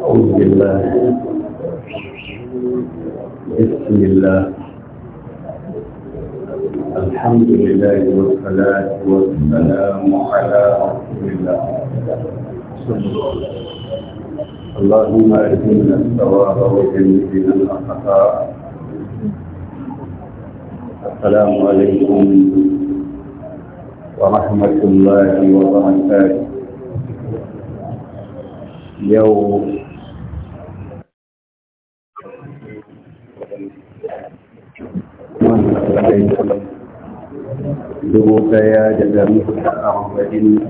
أعوذ بالله بسم الله الحمد لله والصلاة والسلام على رسول الله اللهم أهدنا الثواب وجنبنا الخطاء السلام عليكم ورحمة الله وبركاته يوم dubu daya da dari da arba'in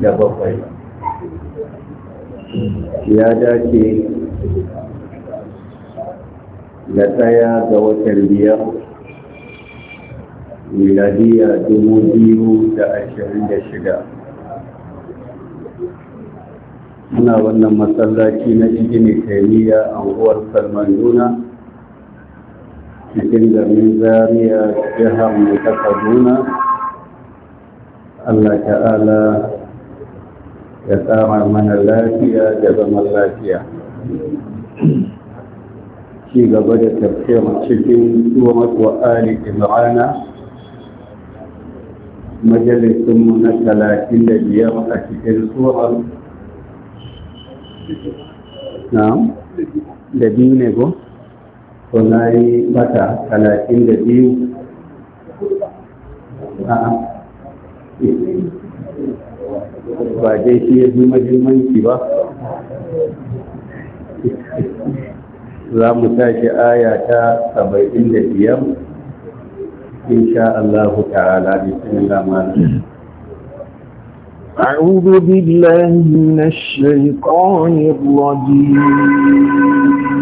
da bakwai ya dace da daya ga wata biyar miladiyya dubu biyu da ashirin da shida muna wannan masallaci na igini a unguwar salman duna cikin garin zaria jihar mai ta duna allah ta'ala ya tsara mana lafiya da zaman lafiya ci gaba da tafsir cikin tuwa matuwa ali imrana majalisunmu na talatin da biyar a cikin suwar da biyu ne go? Ko na yi mata talatin da biyu ba dai shi ya fi mahimmanci ba za mu tashi aya ta saba'in da biyar إن شاء الله تعالى بسم الله الرحمن أعوذ بالله من الشيطان الرجيم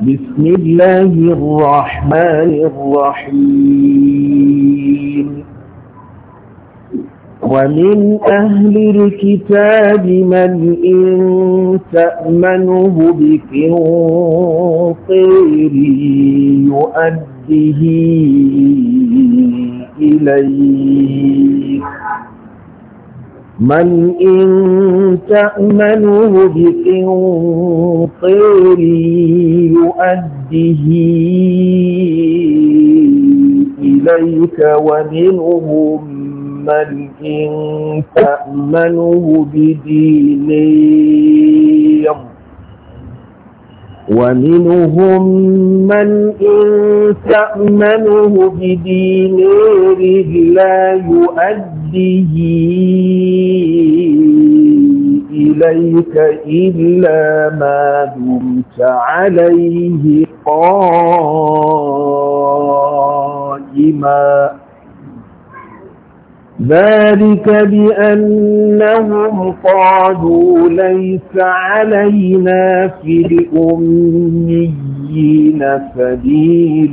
بسم الله الرحمن الرحيم ومن أهل الكتاب من إن تأمنه بقنطير يؤدي نفسه إليك من إن تأمنه بقنطر يؤده إليك ومنهم من إن تأمنه بدينير ومنهم من إن تأمنه بدينه لا يؤديه إليك إلا ما دمت عليه قائما ذلك بأنهم قالوا ليس علينا في الأميين سبيل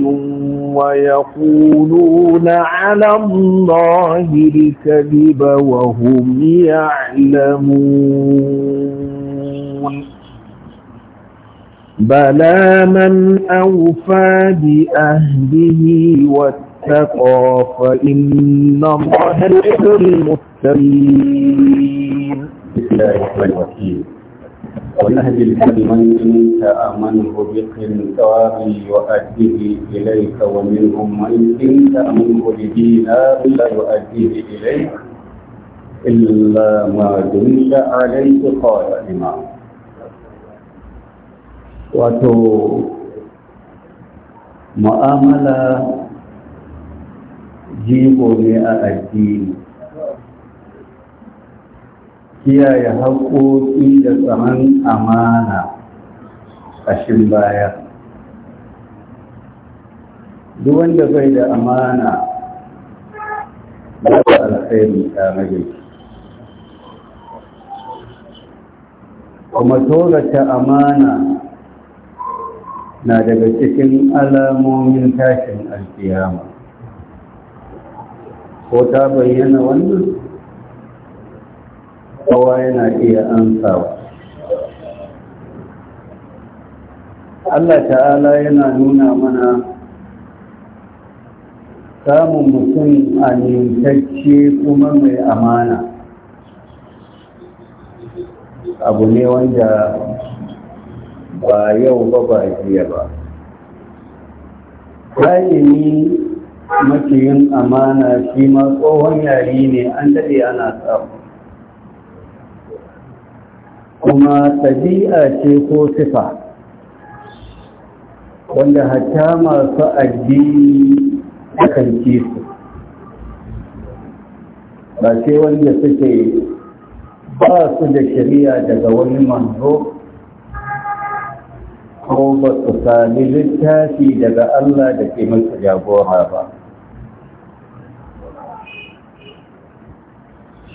ويقولون على الله الكذب وهم يعلمون بلى من أوفى بأهده وت واتقى فإن الله يحب المتقين بسم الله الرحمن الرحيم ونهدي أمنه تأمنه بقنطار يؤديه إليك ومنهم من إن أمنه بدينار لا يؤديه إليك إلا ما دمت عليه إمام وتو معاملة jigo ne a addini kiyaye haƙoƙi da tsaron amana shin baya duk wanda bai da amana ba ta ta mage. kuma tsorata amana na daga cikin alamomin tashin alkiyama ko ta bayyana wannan kowa yana iya ansawa Allah ta'ala yana nuna mana samun mutum a nintacce kuma mai amana abu ne wanda ba yau ba ba jiya ba ƙa'ini maciyin amana shi ma tsohon yari ne an daɗe ana samu kuma ɗabi'a ce ko sifa wanda hata masu addini akan ci su ba sai wanda suke ba su da shari'a daga wani manzo ko ba su sami littafi daga Allah da ke masa jagora ba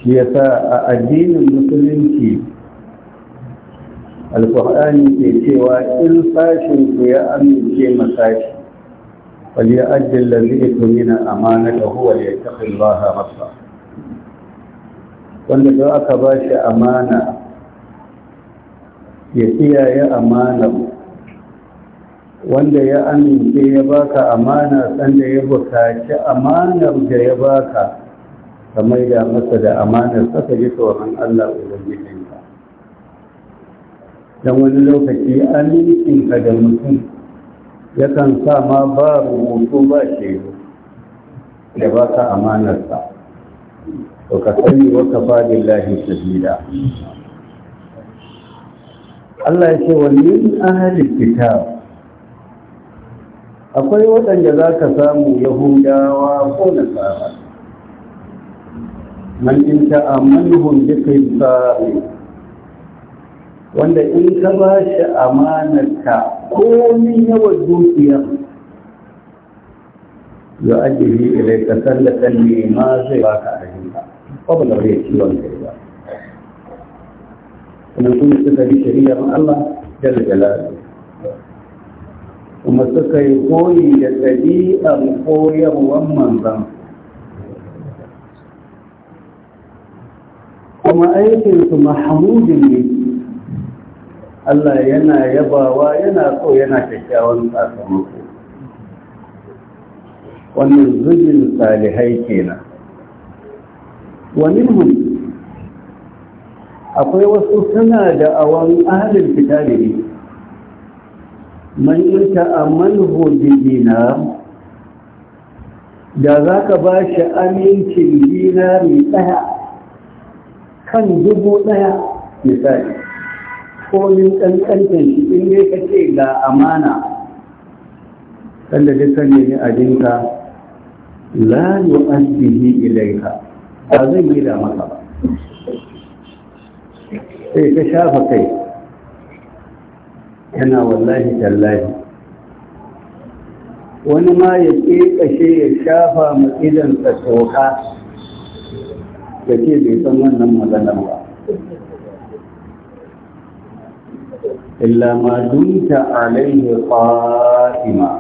shi ya sa a addinin musulunci alkur'ani ke cewa in sashin ku ya amince masashi wali ya ajiyar da zai tumina amana da huwa ya tafi Allah rabba wanda don aka ba shi amana ya kiyaye amana wanda ya amince ya baka amana sanda ya bukaci amanar da ya baka ka maida masa da amanar saka ji tsoron Allah Ubangijinka. Don wani lokaci amincinka da mutum yakan sa ma ba rubutu ba shi da ba ka amanarsa. To ka sani wa kafa billahi shahida. Allah ya ce Wani ahalin kitab akwai waɗanda za ka samu Yahudawa ko Nasara man in ta'amaluhum bi qisari wanda in ka ba shi amanarka komi yawan dukiya ya ajiye ilai ka sallatan ne ma zai baka a rinka babu da rai ciwon kai ba kuma suka bi shari'ar Allah jalla jalaluhu kuma suka yi koyi da ɗabi'ar koyarwar manzansa kuma aikinsu mahamudin ne Allah yana yabawa yana so yana kyakkyawan sakamako wannan zujin salihai kenan wani akwai wasu suna da awon ahalin fitari ne man yi ta'amalhu da za ka ba shi amincin dinari tsaya. kan dubu ɗaya misali komin ƙanƙantar shi in dai ka ce ga amana sanda dukkan ne abinka la yu'addihi ilayka ba zai yi da maka ba sai ka shafa kai yana wallahi tallahi wani ma ya kashe ya shafa ka toka da ke bai san wannan maganar ba illa ma dunta alaihi qa'ima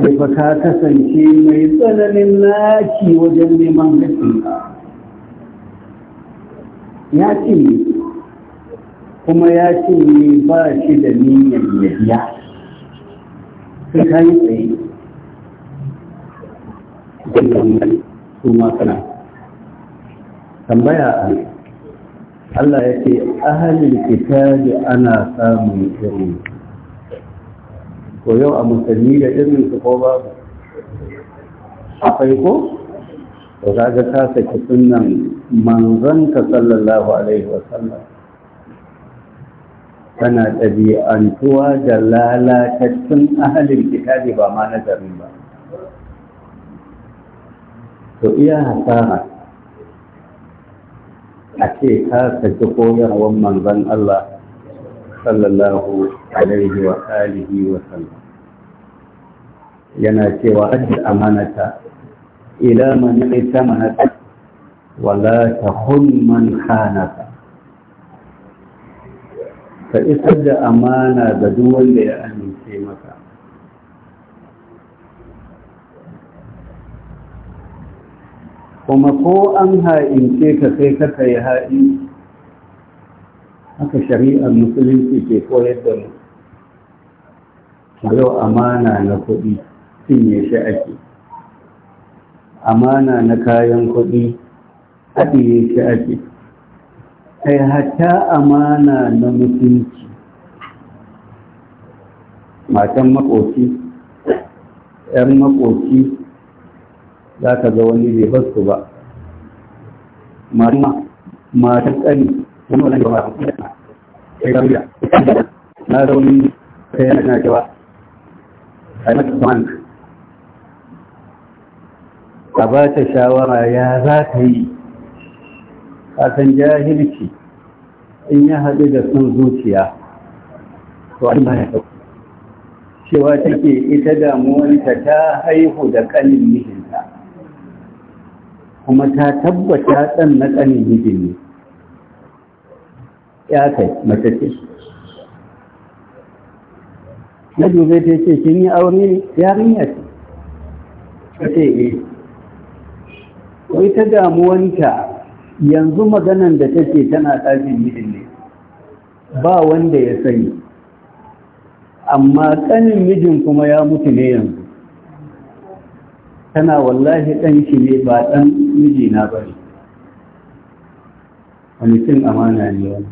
sai fa ka kasance mai tsananin naki wajen neman gaskiya ya ce ne kuma ya ce ne ba shi da niyyar yadda sai ka yi tsaye su kana tambaya Allah ya ce ahalin kitabi ana samun irin ko yau a musulmi da irin su ko babu akwai ko to kaga ka saki sunnan manzon ka sallallahu alaihi wa sallam kana ɗabi'antuwa da lalatattun ahalin kitabi ba ma nazarin ba to iya hasara ce ka saki koyarwar manzon Allah sallallahu alaihi wa alihi wa sallam yana cewa adda amanata ila man wa wala tahun man khanaka ka isar da amana ga duk wanda ya amince maka kuma ko an ha'ince ka sai ka kai ha'in haka shari'ar musulunci ke koyar da mu yau amana na kuɗi cinye shi ake amana na kayan kuɗi haɗiye shi ake kai hatta amana na mutunci matan makoci ‘yan makoci za ka ga wani bai basu ba matan ƙani wani wani da ba ya ga wuya na zaune ta yana na cewa a yi mata saman a ba ta shawara ya za ta yi kasan jahilci in ya haɗu da sun zuciya to an baya cewa take ita damuwanta ta haihu da ƙanin mijin kuma ta tabbata ɗan na ƙanin mijin ne ya kai mace ce na dubai ta ce kin yi aure ne yarinya ce ta ce eh wai ta damuwanta yanzu maganan da take tana ɗakin mijin ne ba wanda ya sani amma ƙanin mijin kuma ya mutu ne yanzu tana wallahi ɗanki ne ba ɗan mijina ba ne wani cin amana ne wani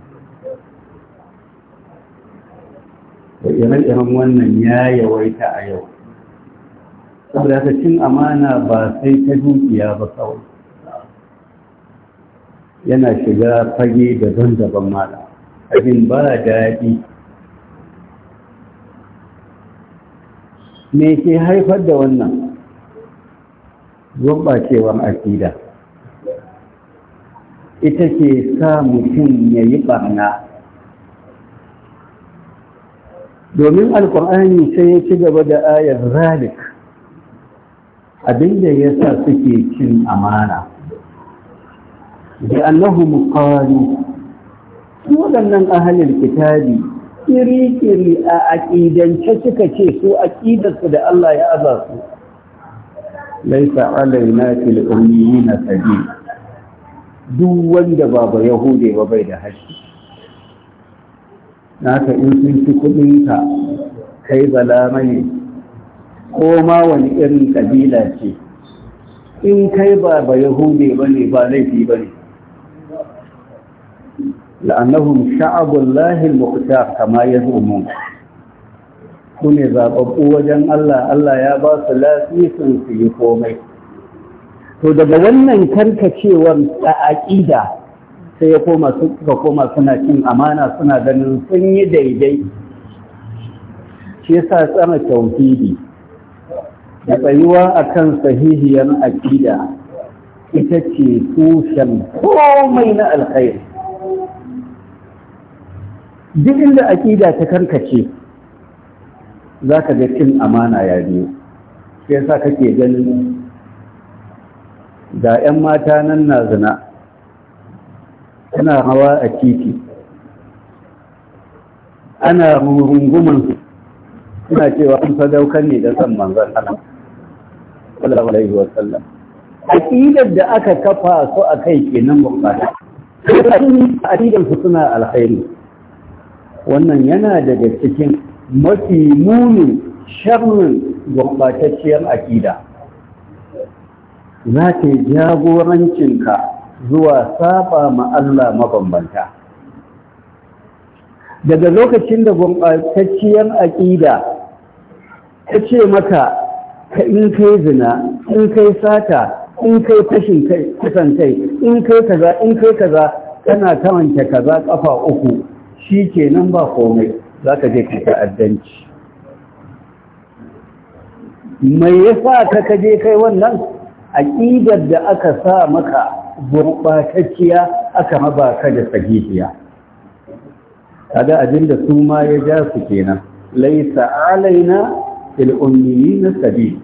da ire-iren wannan ya yawaita a yau saboda ka cin amana ba sai ta dukiya ba kawai yana shiga fage daban-daban mala abin ba daɗi me ke haifar da wannan gurɓacewar aƙida ita ke sa mutum ya yi ɓarna domin alkur'ani sai ya ci gaba da ayar zalik abinda ya sa suke cin amana da annahu su waɗannan ahalin kitabi kiri-kiri a aƙidance suka ce su aƙidarsu da Allah ya aza su laisa alaina fil ummiyina sabil duk wanda ba yahude ba bai da haƙƙi naka in sun ci kuɗin ka kai bala ne ko ma wani irin ƙabila ce in kai ba yahude ba ne ba laifi ba ne la'annahum sha'abullahi al-muqtar kama yaz'umun ku ne zaɓaɓɓu wajen Allah Allah ya ba su lafisin su yi komai to daga wannan karkacewar a aƙida sai ya koma suka koma suna cin amana suna ganin sun yi daidai shi yasa tsara tauhidi da tsayuwa akan sahihiyar aƙida ita ce tushen komai na alkhairi duk inda aƙida ta karkace za ka ga cin amana ya biyo sai sa kake ganin da 'yan mata nan na zina suna hawa a titi ana su suna cewa an sadaukar ne da san manzan Allah sallallahu alaihi wasallam aqidar da aka kafa su a kai ke nan bukata aqidar su suna alkhairi wannan yana daga cikin mafi munin sharrin gurɓatacciyar aƙida, za ta yi jagorancinka zuwa saba ma mabambanta daga lokacin da gurɓatacciyar aƙida ta ce maka ka in kai zina in kai sata in kai fashin kai in kai kaza in kai kaza kana karanta kaza kafa uku shi kenan ba komai za ka je ka ta'addanci mai yasa ka ka je kai wannan aƙidar da aka sa maka gurɓatacciya aka raba ka da sahihiya kaga abin da su ma ya ja su kenan laisa alaina fil na sabil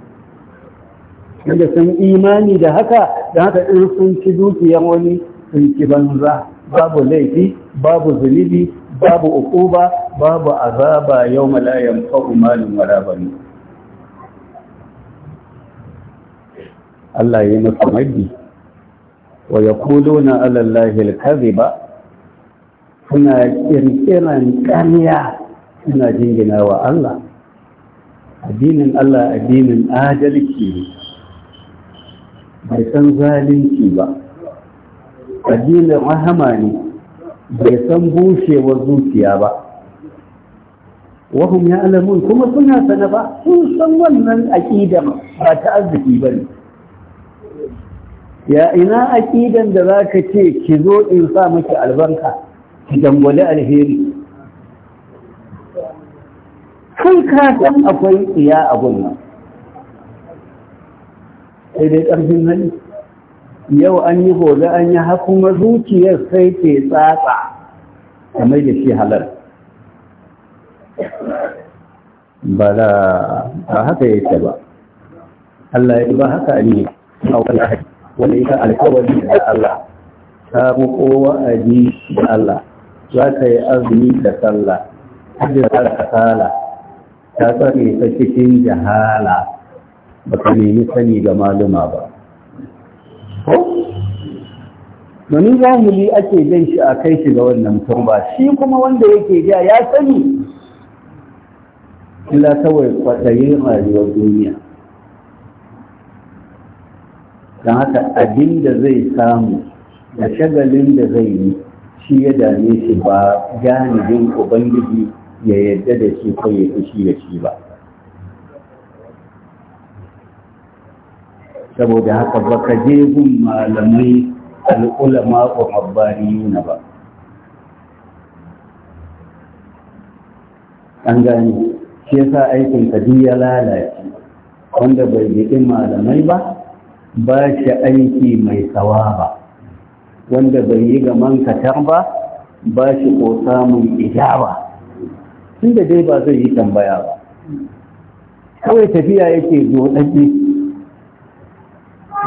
inda sun imani da haka da haka in sun ci dukiyar wani sun ci banza babu laifi babu zunubi babu ukuba babu azaba yau malayan fa'umalin warabani Allah yi masa maddi wa ya kudo na alallahi ba? suna ƙirƙiran ƙarya suna jingina wa Allah addinin Allah addinin adalci bai san zalunci ba addinin rahama ne bai san bushewar zuciya ba wahum ya alamun kuma suna sana ba sun san wannan aƙida ba ta arziki ba ne ya ina aƙidan da za ka ce ki zo in sa maki albarka ki dangwale alheri kai ka san akwai iya a gulma sai dai ƙarfin nan. yau an yi gobe an yi hakuma zuciyar sai ke tsatsa a mai da shi halar ba da ba haka ce ba Allah ya ba haka ne a wani wani ita alkawari da Allah ta muko wa'adi da Allah za ka yi azumi da sallah hajji da kasala ta tsare ta cikin jahala ba ka nemi sani ga maluma ba domin jahili ake jan shi a kai shi ga wannan turba shi kuma wanda yake ja ya sani illa kawai kwaɗayin rayuwar duniya don haka abin da zai samu da shagalin da zai yi shi ya dame shi ba janibin ubangiji ya yadda da shi ko ya shi da shi ba saboda haka baka je gun malamai al'ulama wa abbariyuna ba an gani, shi yasa aikin kadi ya lalace wanda bai biɗi malamai ba ba shi aiki mai tsawaba wanda bai yi ga mankatar ba ba shi ko samun ijaba tunda dai ba zai yi tambaya ba kawai tafiya yake zo ɗaɗe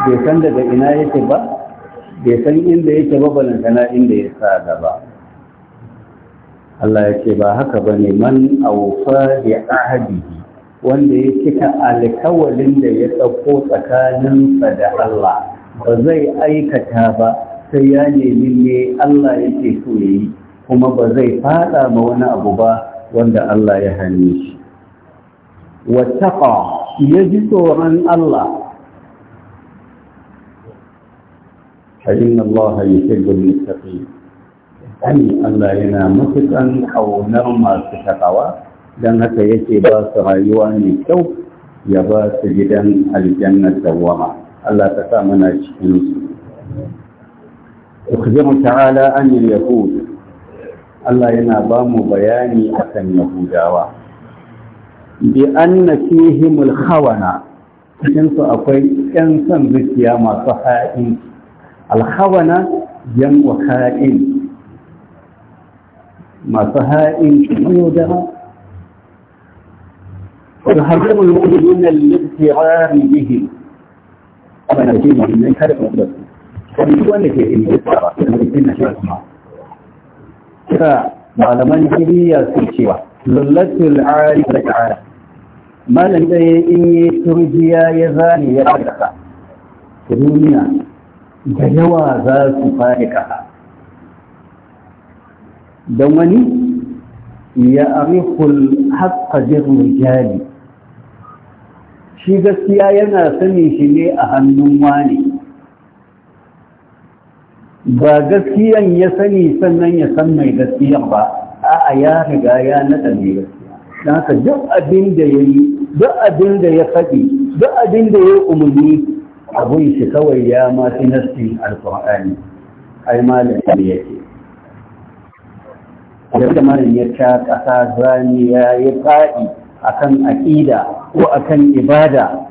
bai san daga ina yake ba bai san inda yake mabalanta na inda ya sa gaba Allah ya ce ba haka ba ne man aufa bi ahadihi wanda ya cika alkawalin da ya ɗauko tsakaninsa da Allah ba zai aikata ba sai ya nemi ne Allah yake so ya yi kuma ba zai fada ma wani abu ba wanda Allah ya hane shi wattaqa ya ji tsoron Allah فإن الله يحب المتقين أني الله ينا متقا أو نرمى تتقوى لأن هكا يكي باس رايواني كو يباس جدا الجنة وما الله تسامنا شكين أخبر تعالى عن اليهود الله ينا بام بياني أكن يهوداوا بأن فيهم الخونة cikinsu akwai 'yan son zuciya masu ha'inci alhawana yan wa ha'in masu ha'in kiyo da ويحرم المؤمنين الاغترار به أبا نجيب من كارب مقدس ويقول لك إن يسرى إن شاء malaman kiriya su cewa lullatul ari da ta'ala malam ɗaya in yi turjiya ya zane ya fadaka duniya da yawa za su faɗi kaha don wani ya ariful haƙa jirgin jari shi gaskiya yana sani shi ne a hannun wani ba gaskiyan ya sani sannan ya san mai gaskiya ba 'a ya riga ya naɗa mai gaskiya don haka duk abin da ya yi duk abin da ya faɗi duk abin da ya umarni abun shi kawai ya ma fi nassin alƙur'ani ai malam yake da malam ya ta ƙasa zani ya yi faɗi akan aƙida ko akan ibada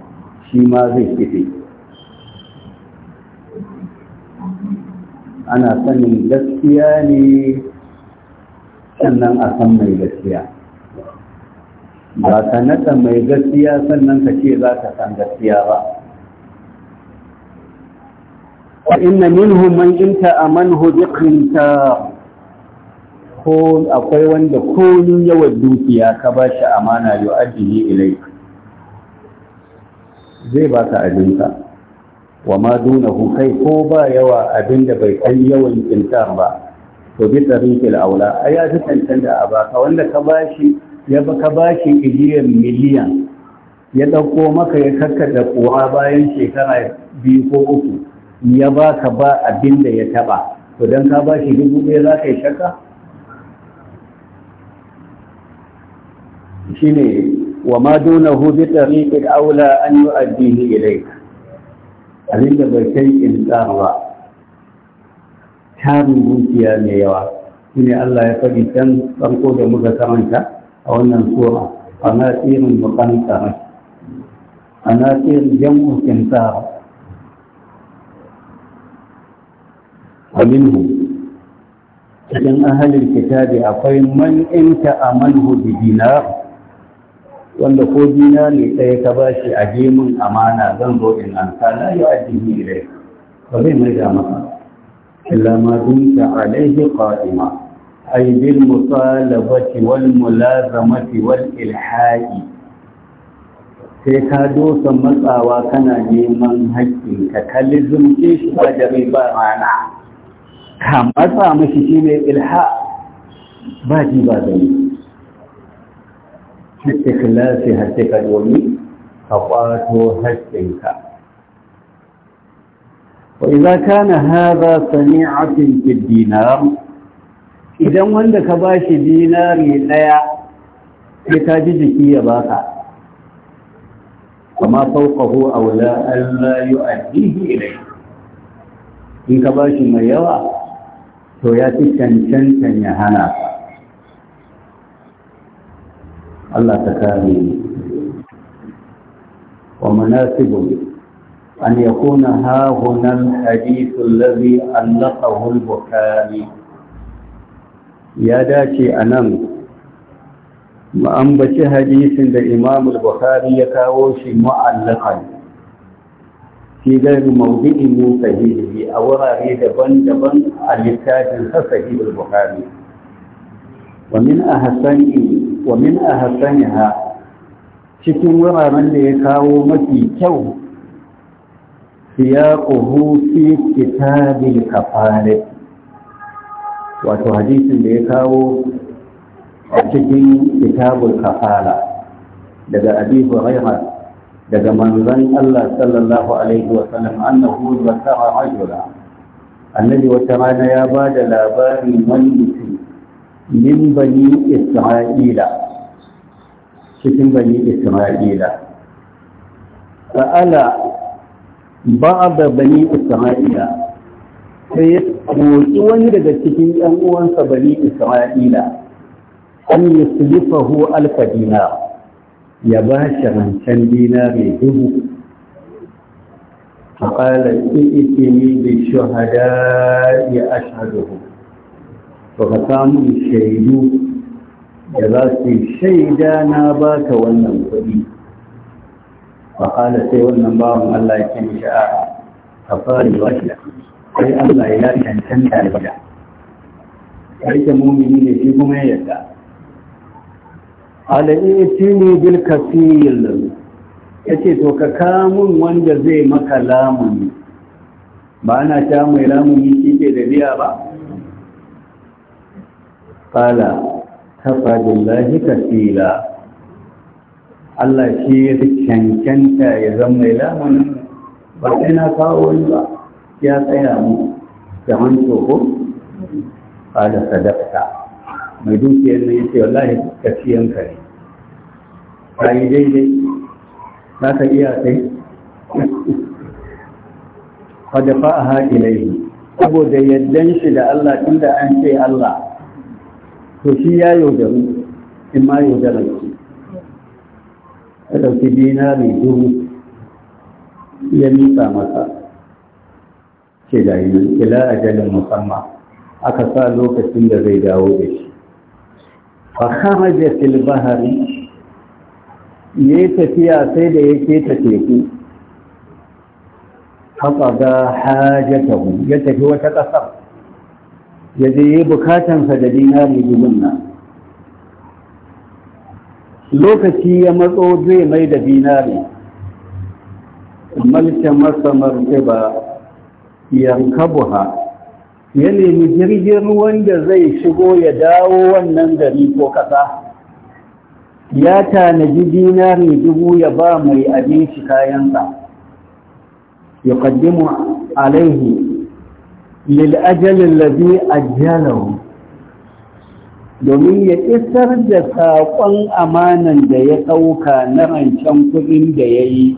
shi ma zai fite ana sanin gaskiya ne sannan a san mai gaskiya ba ka naɗa mai gaskiya sannan ka ce za ka san gaskiya ba فإن منهم من انت أمنه بقنطار ko akwai wanda komin yawan dukiya ka ba shi amana yau addini ilai zai ba ka abinka wa ma duna kai ko ba yawa abin da bai kai yawan kinta ba to bi tsarikil aula a ya fi a baka wanda ka ba shi ya ka ba shi miliyan ya ɗauko maka ya karkada kuwa bayan shekara biyu ko uku ya ba ka ba abin da ya taba to don ka ba shi dubu ɗaya za ka yi shakka ne, wa ma hu bi tariqil aula an yu'addihi ilayka abin da bai kai in ba tarin dukiya mai yawa ne Allah ya faɗi can farko da muka karanta a wannan sura ana tsirin muqanta ana tsirin jam'u tsara. faminhu cikin ahalin kitabi akwai man in ta'amanhu bi dinar wanda ko dinari ɗaya ka bashi shi amana zan zo in an kana yi addini ba zai mai da maka illa ma dunta alaihi qa'ima ay bil mutalabati wal mulazamati wal ilha'i sai ka dosa matsawa kana neman haƙƙinka ka lizumce shi ba da bai ba ma'ana mashi ilha ba ji ba ka ka kwato وإذا كان هذا صنيعة في الدينار إذا وندك باش دينار ليا يتاجي جكي وما فوقه أولى ألا يؤديه إليه إن باش ما يوى to ya fi cancantan ya hana Allah ta kare wa manasibu an ya kuna hahunan hadithun lazi an lafahun bukari ya dace a nan Mu'ambaci hadithin da imamul bukhari ya kawo shi ma'allakai fi gairi mawdi'in min sahihi a wurare daban-daban a littafin sa sahihul bukhari wa min ahsani wa min cikin wuraren da ya kawo mafi kyau siyaquhu fi kitabil kafalah wato hadisin da ya kawo a cikin kitabul kafala daga abi hurairah daga manzan Allah sallallahu alaihi wa sallam annahu zakara rajula annabi wata rana ya ba da labarin wani mutum min bani isra'ila cikin bani isra'ila sa'ala ba'd bani isra'ila sai ya roƙi wani daga cikin 'yan uwansa bani isra'ila an yuslifahu alfa dinar ya ba shi rancen dinari dubu a ƙalar ƙi'iƙi ne da hada ya asha zuhu ba ka samu shaidu da za su yi shaida na ba ka wannan kuɗi ba ƙala sai wannan ba mu Allah ya kyan shi a kafari ba shi sai Allah ya kyan can ɗalibiya ƙarshen mummuni ne shi kuma ya yarda ala'itini bil kafil ya ce to ka kamun wanda zai maka lamuni ba ana ta mai lamuni shi ke da biya ba kala kafa billahi kafila Allah shi ya fi cancanta ya zama mai lamunin ba sai na kawo wani ba ya tsaya mu da hanto ko kala sadaka mai dukiyar ne ya ce wallahi tafiyan ka ne ka yi daidai za ka iya kai wadda haƙi ilaihi saboda yaddan shi da Allah tun da an ce Allah to shi ya yaudaru in ma yaudarar shi ya ɗauki dinari duhu ya nisa masa ce da yi ila ajalin musamman aka sa lokacin da zai dawo da shi فخرج في البحر يتفيا سيد يكيت تيكو فقضى حاجته يتفي وتقصر يجي بكاتا فدينار يجبنا lokaci ya matso zai mai da dinari malta masa martaba yankabuha ya nemi jirgin ruwan da zai shigo ya dawo wannan gari ko kasa ya tanaji dinari dubu ya ba mai abinci kayansa ya kaddimu alaihi lil'ajalin labi ajalahu domin ya isar da saƙon amanan da ya ɗauka na rancen kuɗin da ya yi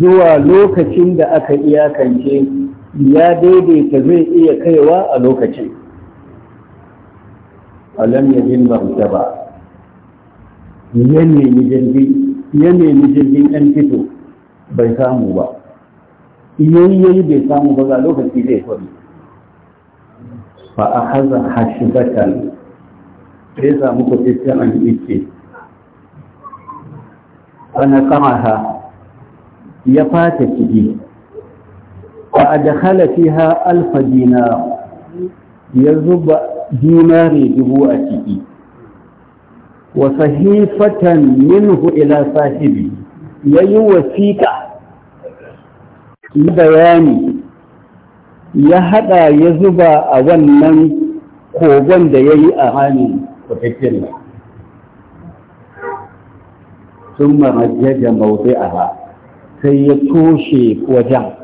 zuwa lokacin da aka iyakance ya daidaita zai iya kaiwa a lokacin alam ya bin martaba ya nemi jirgin ɗan fito bai samu ba yayi bai samu ba za lokaci zai kwari fa a haza bakan sai samu kwatisiyar an ana kama ha ya fata ciki adakhala fiha alf dinar yanzu ba dinari dubu a ciki wa sahifatan minhu ila sahibi yayi wasiqa bayani ya haɗa ya zuba a wannan kogon da ya yi a hannun kwafafin nan sun marajiyar da mawuzi a ha sai ya toshe wajen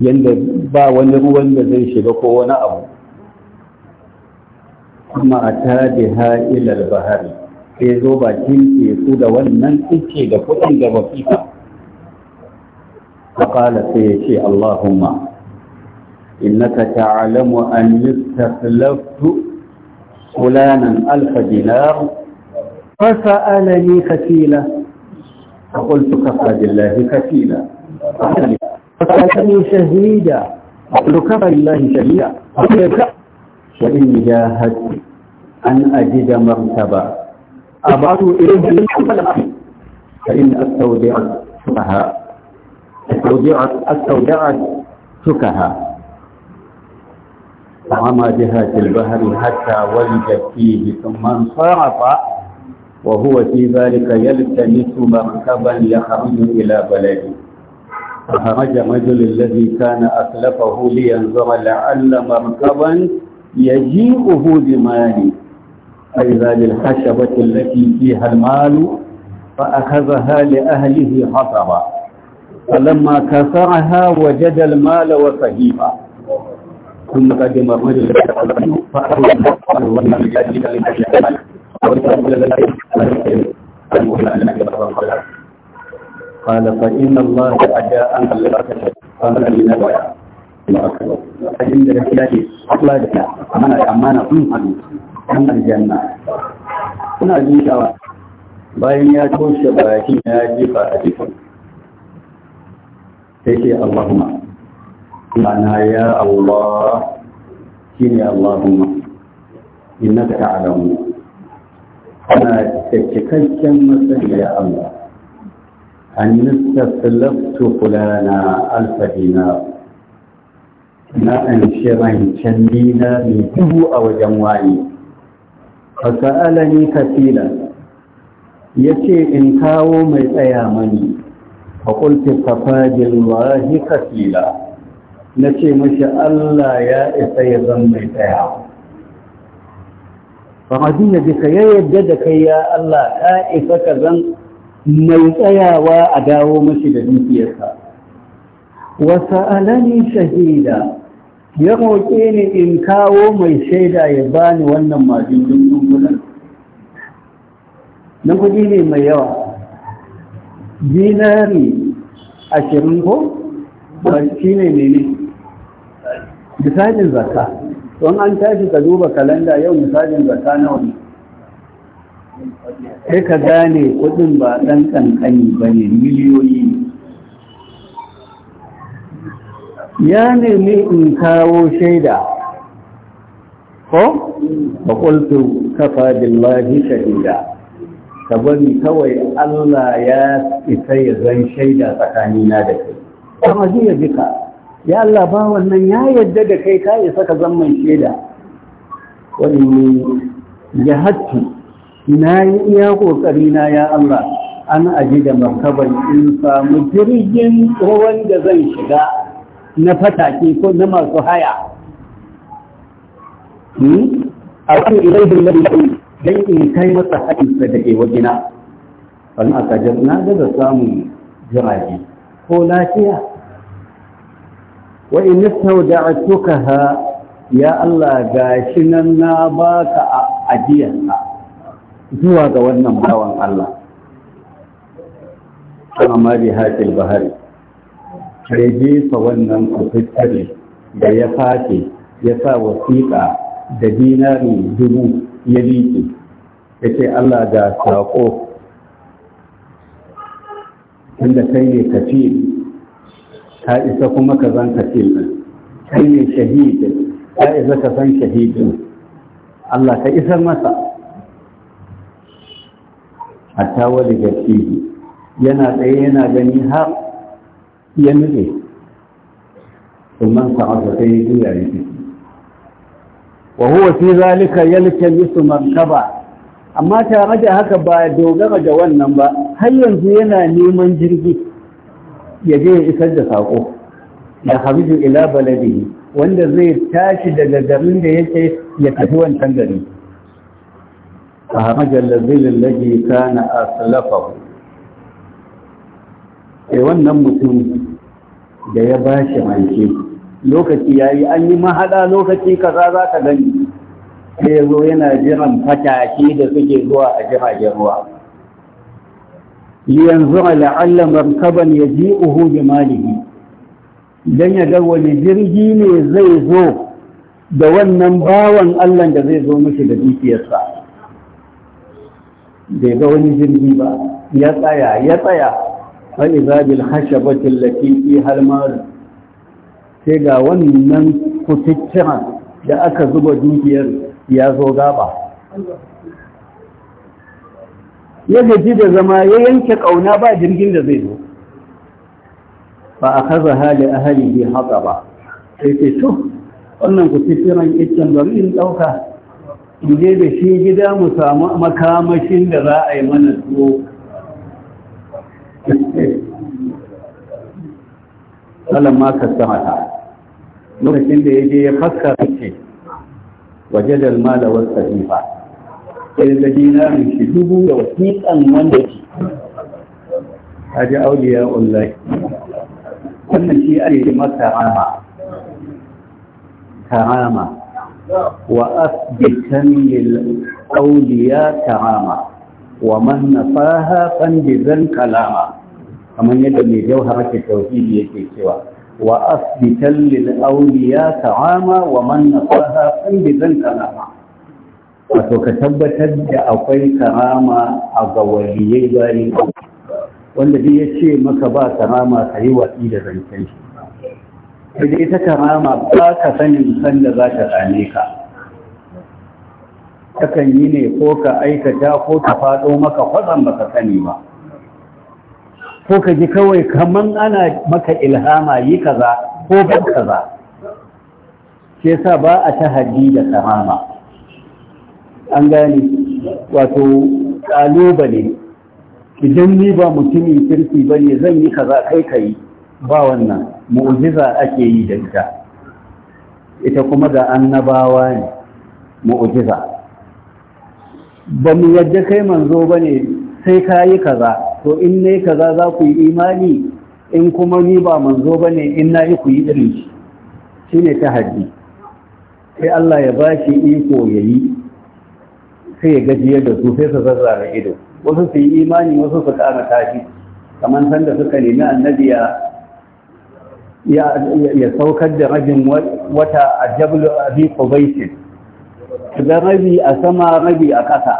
yadda ba wani ruwan da zai shiga ko wani abu kuma a tabi ha'ilar bahari sai zo bakin teku da wannan ike da kudin da bakifa faƙala sai ya ce Allahumma innaka ta'alamu an yustaflaftu fulanan alfa dinar فسألني كفيلا فقلت كفى بالله كفيلا فقال فقتلني شهيدا أقول كفى الله شهيدا أقول وإن جاهدت أن أجد مرتبة أبعث إليه فإن أستودعت فكها استودعت أستودعت سكها فعمى جهات البحر حتى ولد فيه ثم انصرف وهو في ذلك يلتمس مركبا يخرج إلى بلده فخرج رجل الذي كان أسلفه لينظر لعل مركبا يجيئه بماله فإذا بالحشبة التي فيها المال فأخذها لأهله حطبا فلما كسرها وجد المال وصهيبا ثم قدم الرجل فأخذ قال فإن الله أجاء أنت البركة قال لنا ويا فإن رسالتي أطلع لك أمانة أمانة أمهد أمهد الجنة kuna ji shawa bayan ya toshe bakin ya jefa a jikin sai ce Allahumma mana ya Allah shi ne Allahumma innaka ta'lamu ana da cikakken masani ya Allah أن استفلقت فلانا ألف دينار ما أن شرين كنينا منه أو جمعي فسألني كثيرا يشي إن كاو من أيامني فقلت صفاج الله كثيرا نشي مشاء الله يا إسي ظمي أيام فما دين بك يا يجدك يا الله آئفك ظمي mai tsayawa a dawo mashi da dukiyarsa Wasu alani shahida ya roƙe ni in kawo mai shaida ya bani wannan majin gudun? na kudi ne mai yawa dinari ashirin ko ba shi ne ne misalin zakka don an tashi ka duba kalanda yau misalin zakka na wani sai ka gane kudin ba ɗan kankani ba ne miliyoyi ya nemi in kawo shaida ko ba kultu kafa billahi shahida ka bari kawai Allah ya isa ya zan shaida tsakanina da kai kuma zai ya jika ya Allah ba wannan ya yadda da kai ka isa ka zan mai shaida wani ya hattu na yi iya ƙoƙari na ya Allah an aji da makabar in samu jirgin ruwan da zan shiga na fatake ko na masu haya hmm? a wani idan da lalata don in kai masa haɗinsa da ke wajena wani a kajar na gaza samun jirage ko lafiya wa in a ya Allah shi nan na baka ajiyarsa zuwa ga wannan bawan Allah kama mari haƙil bahari sai jefa wannan kusurtare da ya fashe ya sa wasiƙa da dinari dubu ya liƙe ya ce Allah ga saƙo inda kai ne kafin ka isa kuma ka zan kafin kai ne shahidin ka isa ka san shahidin Allah ka isar masa hatta wani gaske yana tsaye yana gani har ya nutse suman sa'adu sai ya juya ya fi wa huwa fi zalika yaltamisu markaba amma tare da haka ba dogara da wannan ba har yanzu yana neman jirgi ya je ya isar da sako ya habibu ila baladihi wanda zai tashi daga garin da yake ya tafi wancan gari فهرج الذل الذي كان أسلفه sai wannan mutum da ya ba shi mance lokaci ya yi an yi mahaɗa lokaci kaza za gani sai zo yana jiran fataki da suke zuwa a jiragen ruwa Yanzu zuwa la'alla markaban ya ji uhu bi malihi don ya ga wani jirgi ne zai zo da wannan bawan allah da zai zo mashi da dukiyarsa bai ga wani jirgi ba ya tsaya ya tsaya wani zabil hashabatin latifi har ma sai ga wannan kututturan da aka zuba dukiyar ya zo gaba ya gaji da zama ya yanke ƙauna ba jirgin da zai zo ba a kaza hali a hali bai haka ba sai ce to wannan kututturan in ɗauka in je da shi gida mu samu makamashin da za a yi mana tuwo tsallan makar samata lokacin da ya je ya faskar ce waje da mala wasu sahifa sai da dinarin shi dubu da wasiƙan wanda ke haji auliya ullai wannan shi ake masa harama karama وأثبتا للأولياء تعاما ومن نفاها فانجزا كلاما كما يدمي جوهرة التوحيد يكي سوى وأثبتا للأولياء تعاما ومن نفاها فانجزا كلاما wato ka tabbatar da akwai karama a gawaliyai bayan wanda duk ya ce maka ba karama ka yi watsi da zancen shi da ita karama ba ka sanin sanda za ta same ka kakan yi ne ko ka aikata ko ta faɗo maka kwatsan ba ka sani ba ko ka ji kawai kaman ana maka ilhama yi kaza ko ban kaza shi yasa ba a tahaddi da karama an gane wato kalubale idan ni ba mutumin kirki bane zan yi kaza kai ka ba wannan mu'jiza ake yi da ita ita kuma da annabawa ne mu'jiza ba mu yadda kai manzo ba ne sai ka yi kaza to in ne kaza za ku yi imani in kuma ni ba manzo ba in na yi ku yi irin shi shi ne ta haddi sai Allah ya bashi iko ya yi sai ya gajiyar da su sai su zazzara ido wasu su yi imani wasu su ƙara tashi kamar sanda suka nemi annabi ya saukar da rabin wata a jablu abi qubaisin ga rabi a sama rabi a ƙasa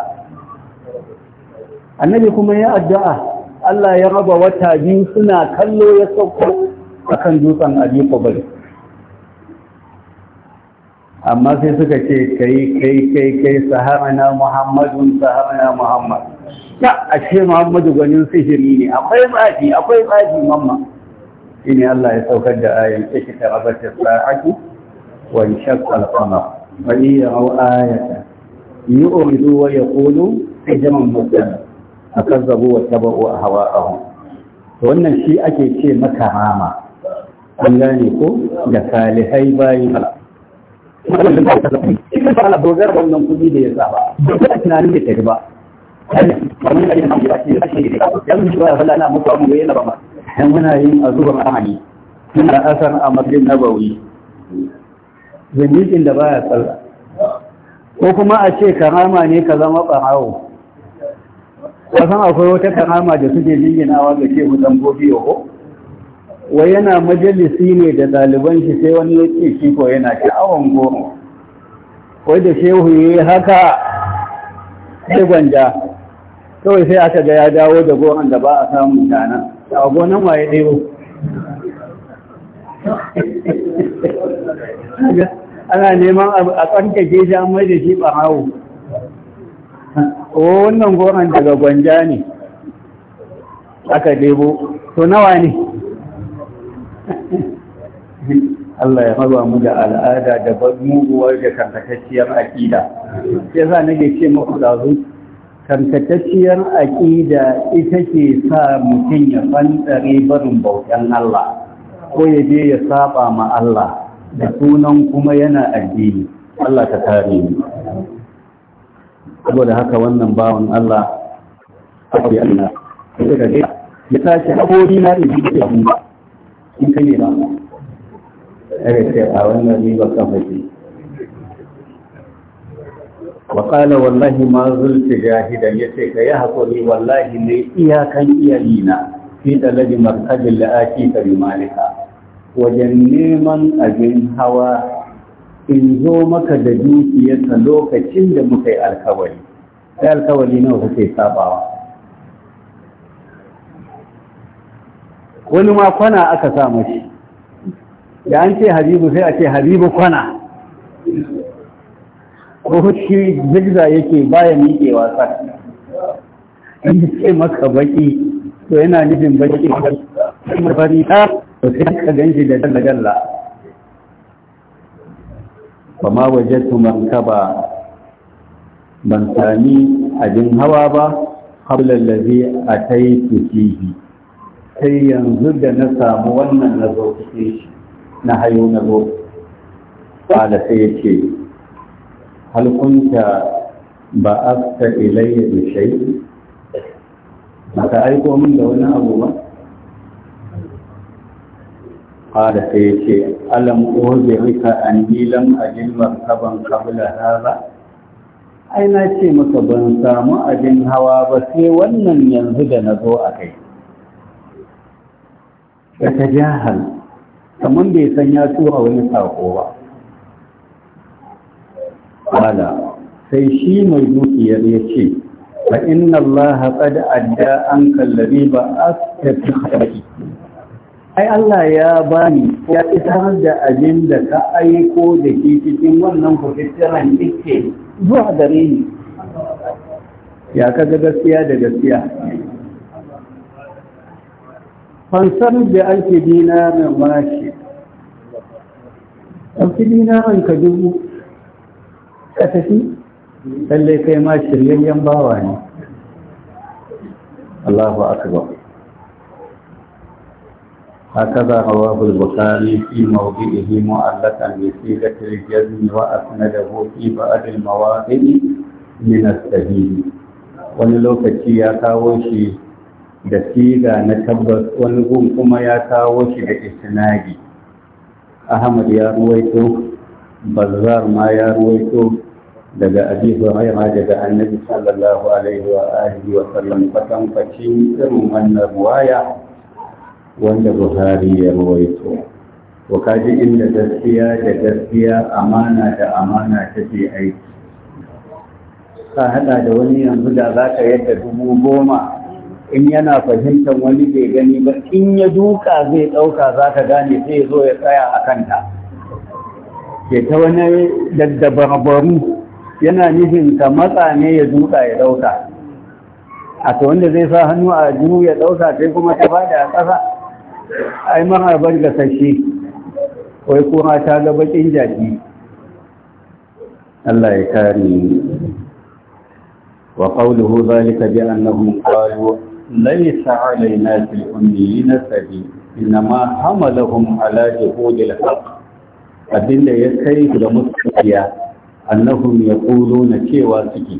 annabi kuma ya addu'a Allah ya raba wata biyu suna kallo ya sauko akan dutsen abi qubais amma sai suka ce kai kai kai kai saharana muhammadun saharana muhammad ta ashe muhammadu gwanin sihiri ne akwai maji akwai maji mamma shine Allah ya saukar da ayan ikita abata sa'ati wa shaqqa al-qamar wa yaru ayatan yu'ridu wa yaqulu hijman mudda akazzabu wa tabu ahwa'ahum to wannan shi ake ce maka an gane ko da wannan shi dogar wannan kudi da ya saba da ta ba da ya saba ya ce ya ce ya ce ya ce ya ce ya ce ya ce ya ce ya ce ba ya ba dan muna yin a azubar amali da asan a masjid nabawi zindikin da baya tsalla ko kuma a ce karama ne ka zama barawo kasan akwai wata karama da suke jinginawa ga shehu dan gobiyo ko wai yana majalisi ne da ɗaliban shi sai wani ya ce shi ko yana sha'awan goro wai da shehu ya yi haka sai gwanja kawai sai aka ga ya dawo da goron da ba a samun ta a gonan waye ɗebo ana neman a tsarkake shi an mai da shi ɓarawo oh, wannan goron daga gwanja ne aka ɗebo to nawa ne Allah ya maza mu da al'ada da muguwar da karkatacciyar akida ya za nage ce muku zuci. tankatacciyar aƙida ita ke sa mutum ya fantsare barin bautan Allah ko ya je ya saba ma Allah da sunan kuma yana addini Allah ta kare ni saboda haka wannan bawan Allah abu ya Allah ya tashi abokin na da shi da in ka ne ba a wannan riba kafa ce wa wallahi ma zulti jahidan ce ka yi haƙuri wallahi ne iyakan iyalina fi talabi markajin la'aki ta bi malika wajen neman abin hawa in zo maka da dukiyarka lokacin da muka yi alkawari sai alkawari nawa kuke sabawa wani ma kwana aka sa mashi da an ce habibu sai a ce habibu kwana ko shi zigza yake baya miƙe wasa, in ce maka baki to yana nufin baki kuma fari ta to sai ka ganshi da dalla dalla ba ma manka ba. ban sami abin hawa ba habla allazi yi fihi sai yanzu da na samu wannan na zo cikin shi na hayo na zo da sai ce. هل كنت بعثت إلي بشيء أتأيكم من دون أبو ما قال سيشي ألم أوزعك أني لم أجل مرتبا قبل هذا أين أشي مكبن سامو أجل هوا بسي ونن ينهد نزو أكي يتجاهل كمن بيسن يا تورا ونساقوا kala sai shi mai dukiyar ya ce fa inna allaha qad adda an kallabi ba astati ai Allah ya bani ya isar da abin da ka aiko da shi cikin wannan fitaran yake zuwa gare ni ya kaga gaskiya da gaskiya fansar da ake dinarin bashi ɗauki dinarin ka dubu ka lalle kai ma shiryayyen bawa ne Allahu akbar هكذا رواه البخاري في موضعه معلقا بصيغة ba a في بعض المواضع من الصحيح wani lokaci ya kawo shi da siga na tabbas wani gun kuma ya kawo shi da isnadi ahmad ya ruwaito bazzar ma ya ruwaito daga abi hurairah daga annabi sallallahu alaihi wa alihi wa sallam fatan facin irin wannan ruwaya wanda buhari ya ruwaito to kaji inda gaskiya da gaskiya amana da amana take aiki ka hada da wani yanzu da za ka yadda dubu goma in yana fahimtar wani bai gani ba in ya duka zai ɗauka za ka gane sai ya zo ya tsaya a kanta ke ta wani daddabarbaru yana nufin ta matsa ne ya duka ya dauka a to wanda zai sa hannu a jihu ya dauka sai kuma ta bada a ƙasa ai marhabar ga sashe wai kuma ta ga bakin jaki Allah ya kare wa qawluhu zalika bi annahum qalu laysa alayna fil ummiyina sabi inma hamalahum ala juhudil haqq abinda ya kai da mutsiya annahum na cewa suke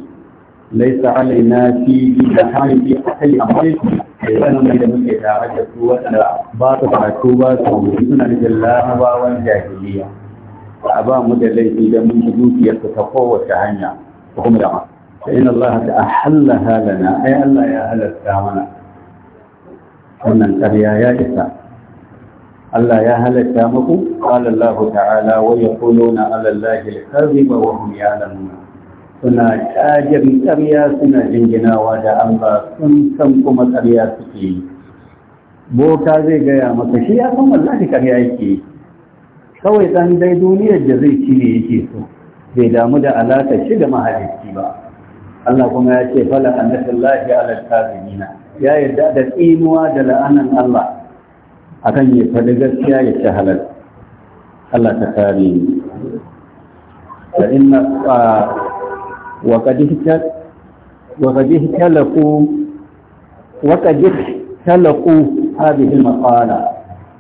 laisa alaina fi jahannam fi ahli amri sanan mai da muke tare da su wanda ba su karatu ba su suna da larabawan jahiliya ba ba mu da laifi da mun ji dukiyar su ta kowace hanya kuma da ma fa ina Allah ta ahalla halana ai Allah ya halatta mana wannan ƙarya ya isa Allah ya halatta muku qala Allah ta'ala wa yaquluna 'ala Allahi al-kadhiba wa hum ya'lamun suna tajin ƙarya suna jinginawa da Allah sun san kuma ƙarya suke yi boka zai gaya maka shi ya san wallahi ƙarya yake kawai ɗan dai duniyar da zai ci ne yake so bai damu da alaƙa shi da mahalicci ba Allah kuma ya ce fala annatullahi ala kazimina ya yarda da tsinuwa da la'anan Allah akan ya faɗi gaskiya ya ci halal Allah ta kare ni fa inna wa qad wa qad talaku wa qad ihtalafu hadhihi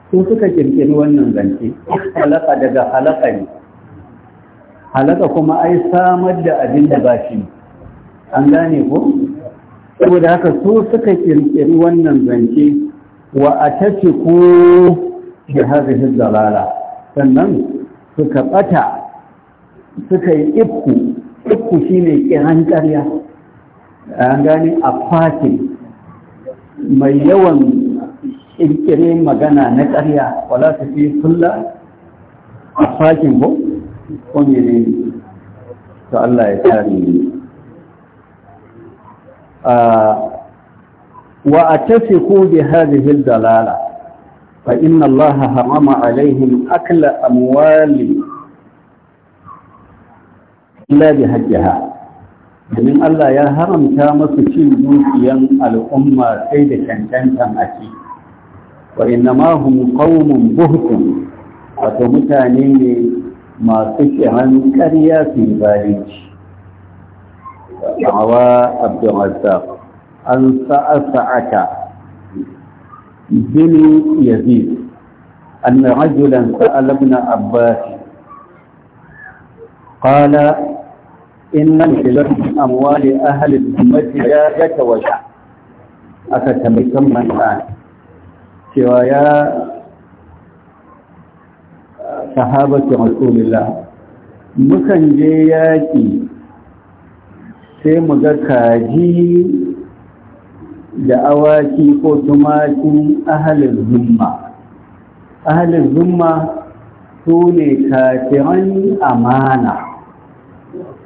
su suka ƙirƙiri wannan zance halaka daga halaka ne halaka kuma ai samar da abin da ba shi an gane ko saboda haka su suka kirkiri wannan zance wa atatiku bi hadhihi dalala sannan suka ɓata, suka yi ifku ifku ne kiran ƙarya an gane a fatin mai yawan kirkire magana na ƙarya wala su fi kulla a fakin ko ƙungire ne to Allah ya tari ne ah, وأتفقوا بهذه الدلالة فإن الله حرم عليهم أكل أموال إلا بحجها domin Allah ya haramta masu cin dukiyan al'umma sai da cancantan a ci, wa ina mahun ƙaunin buhutun wato mutane ne masu kiran ƙarya su yi zalunci. Awa an sa’asa’aka bin yazid an rajulan sa’ala bina abbasi ƙala inan shirin amwali ahalin mafi ya gata wata aka tamakon manta cewa ya sahabatu rasulullah mukan je yaƙi sai mu ga kaji da awaki ko tumakin ahalin zumma ahalin zumma su ne kafiran amana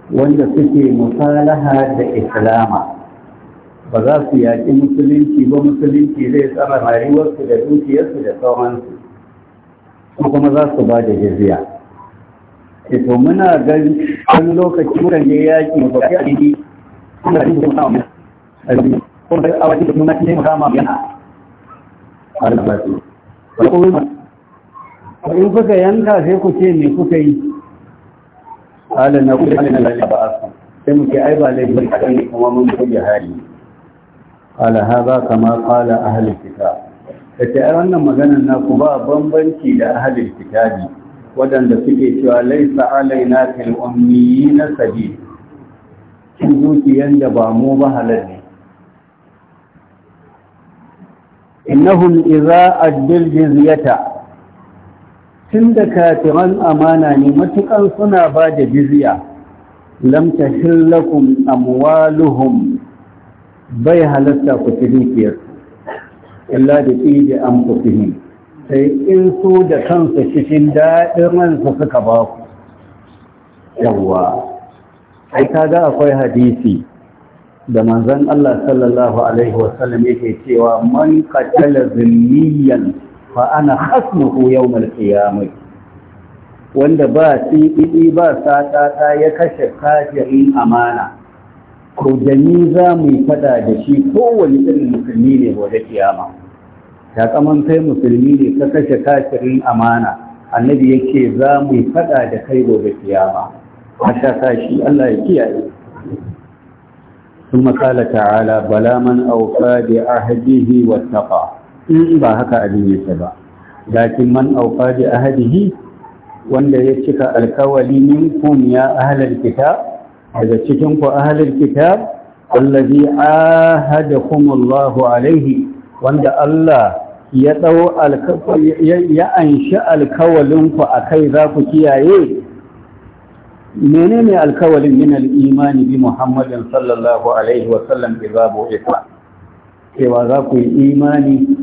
wanda suke musalaha da islama ba za su yaƙi musulunci ba musulunci zai tsara rayuwarsu da dukiyarsu da sauransu kuma za su ba da jizya eh, to muna gani wani lokaci mukan je yaƙi ba ya ɗi ɗi kuma bai awa da nuna ne ma yana har da su ba ko ma ko in kuka yanka sai ku ce me kuka yi ala na ku ala na ba asu sai muke ai ba lai bai kai kuma mun kuyi hari ala hada kama qala ahli kitab kace ai wannan maganar naku ba bambanci da ahli kitabi wadanda suke cewa laisa alaina fil ummiyina sabil kin zuciyan da ba mu ba halal ne innahum idza addil jizyata tunda kafiran amana ne matukan suna ba da jizya lam tahillakum amwaluhum bai halatta ku ci dukiyar illa da tsiji an fufihin sai in su da kansu cikin daɗin ransu suka ba ku yawwa ai kaga akwai hadisi da manzon Allah sallallahu alaihi wasallam yake cewa man qatala zimmiyan fa ana hasmuhu yawm al-qiyamah wanda ba tsibidi ba ta ya kashe kafirin amana ko jami za mu yi fada da shi kowane irin musulmi ne gobe kiyama ta kaman kai musulmi ne ka kashe kafirin amana annabi yake za mu yi fada da kai gobe kiyama masha shi Allah ya kiyaye ثم قال تعالى بلا من أوفى بعهده واتقى إن باهك أبي يتبع لكن من أوفى بعهده wanda ya cika alkawali minkum ya ahlal kitab daga cikin ku ahlal kitab allazi ahadakumullahu alaihi wanda Allah ya dau ya anshi alkawalin ku akai za ku kiyaye menene alkawalin min al-imani bi Muhammadin sallallahu alaihi wa sallam idza bu'itha cewa za ku yi imani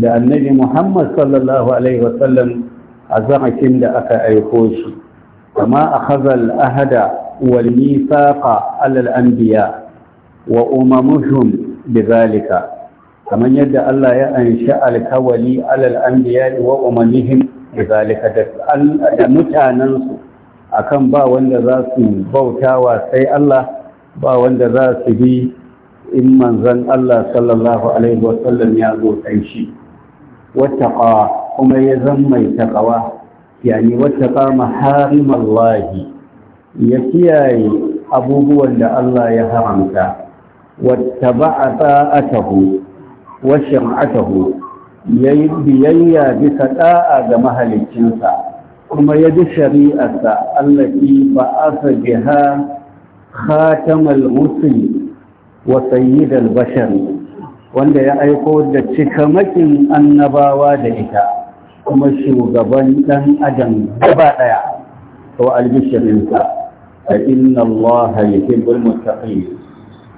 da annabi Muhammad sallallahu alaihi wa sallam a zamakin da aka aiko shi kama akhadha al-ahda wal mithaqa ala al-anbiya wa umamuhum bidhalika kamar yadda Allah ya anshi alkawali ala al-anbiya wa umamihim bidhalika da mutanansu akan ba wanda za su bautawa sai Allah ba wanda za su bi in manzan Allah sallallahu alaihi wasallam ya zo kai shi kuma ya zan mai taqawa yani wattaqa maharim Allah ya kiyaye abubuwan da Allah ya haramta wattaba'a ta'atahu wa shir'atahu yayi biyayya bisa ɗa'a ga mahaliccinsa kuma ya ji shari'arsa allati ba asa biha khatamal Musul, wa sayyidal bashar wanda ya aiko da cikamakin annabawa da ita kuma shugaban dan adam gaba daya to albishirinsa A inna allaha yuhibbul muttaqin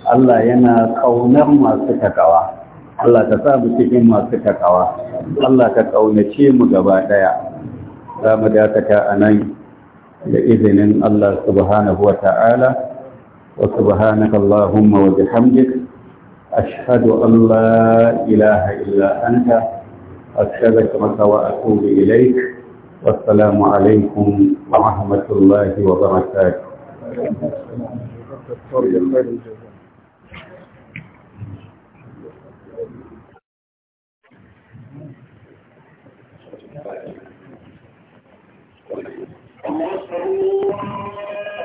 Allah yana kaunar masu takawa Allah ta sa mu cikin masu takawa Allah ka kaunace mu gaba daya za mu dakata a nan da izinin Allah subhanahu wa ta'ala wa subhanaka Allahumma wa bihamdik ashhadu an la ilaha illa anta astaghfiruka wa atubu ilayk wassalamu alaikum wa rahmatullahi wa barakatuh الله